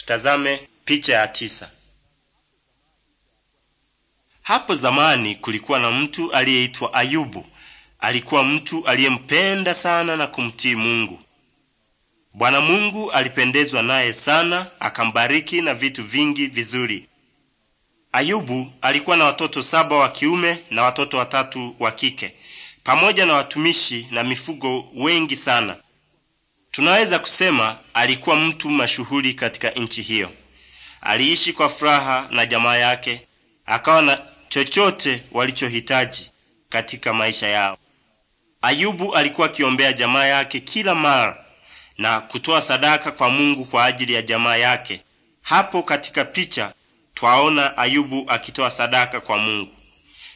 Tutazame picha ya tisa. Hapo zamani kulikuwa na mtu aliyeitwa Ayubu. Alikuwa mtu aliyempenda sana na kumtii Mungu. Bwana Mungu alipendezwa naye sana, akambariki na vitu vingi vizuri. Ayubu alikuwa na watoto saba wa kiume na watoto watatu wa kike, pamoja na watumishi na mifugo wengi sana. Tunaweza kusema alikuwa mtu mashuhuri katika nchi hiyo. Aliishi kwa furaha na jamaa yake, akawa na chochote walichohitaji katika maisha yao. Ayubu alikuwa akiombea jamaa yake kila mara na kutoa sadaka kwa Mungu kwa ajili ya jamaa yake. Hapo katika picha twaona Ayubu akitoa sadaka kwa Mungu.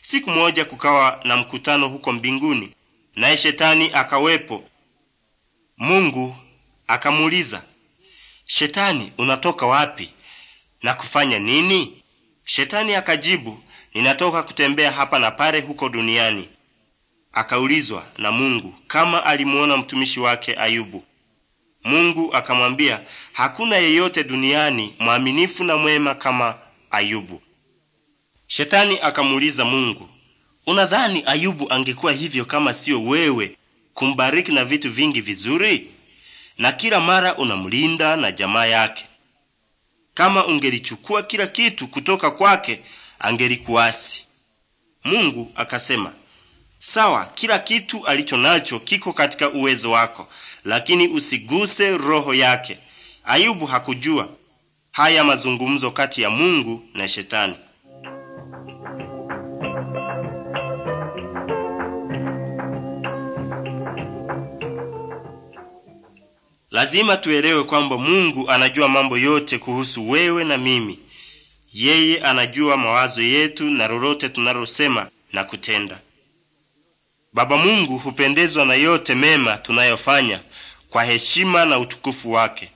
Siku moja kukawa na mkutano huko mbinguni, naye shetani akawepo Mungu akamuuliza, Shetani, unatoka wapi na kufanya nini? Shetani akajibu, ninatoka kutembea hapa na pale huko duniani. Akaulizwa na Mungu kama alimuona mtumishi wake Ayubu. Mungu akamwambia, hakuna yeyote duniani mwaminifu na mwema kama Ayubu. Shetani akamuuliza Mungu, unadhani Ayubu angekuwa hivyo kama siyo wewe kumbariki na vitu vingi vizuri, na kila mara unamlinda na jamaa yake. Kama ungelichukua kila kitu kutoka kwake, angelikuasi. Mungu akasema, sawa, kila kitu alicho nacho kiko katika uwezo wako, lakini usiguse roho yake. Ayubu hakujua haya mazungumzo kati ya Mungu na Shetani. Lazima tuelewe kwamba Mungu anajua mambo yote kuhusu wewe na mimi. Yeye anajua mawazo yetu na lolote tunalosema na kutenda. Baba Mungu hupendezwa na yote mema tunayofanya kwa heshima na utukufu wake.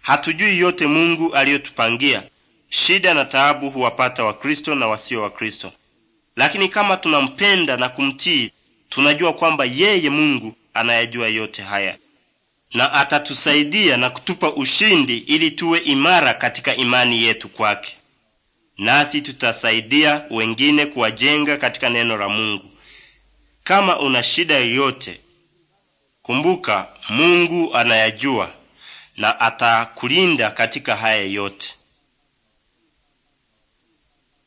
Hatujui yote Mungu aliyotupangia. Shida na taabu huwapata Wakristo na wasio Wakristo, lakini kama tunampenda na kumtii, tunajua kwamba yeye Mungu anayajua yote haya na atatusaidia na kutupa ushindi ili tuwe imara katika imani yetu kwake, nasi tutasaidia wengine kuwajenga katika neno la Mungu. Kama una shida yoyote, kumbuka Mungu anayajua na atakulinda katika haya yote.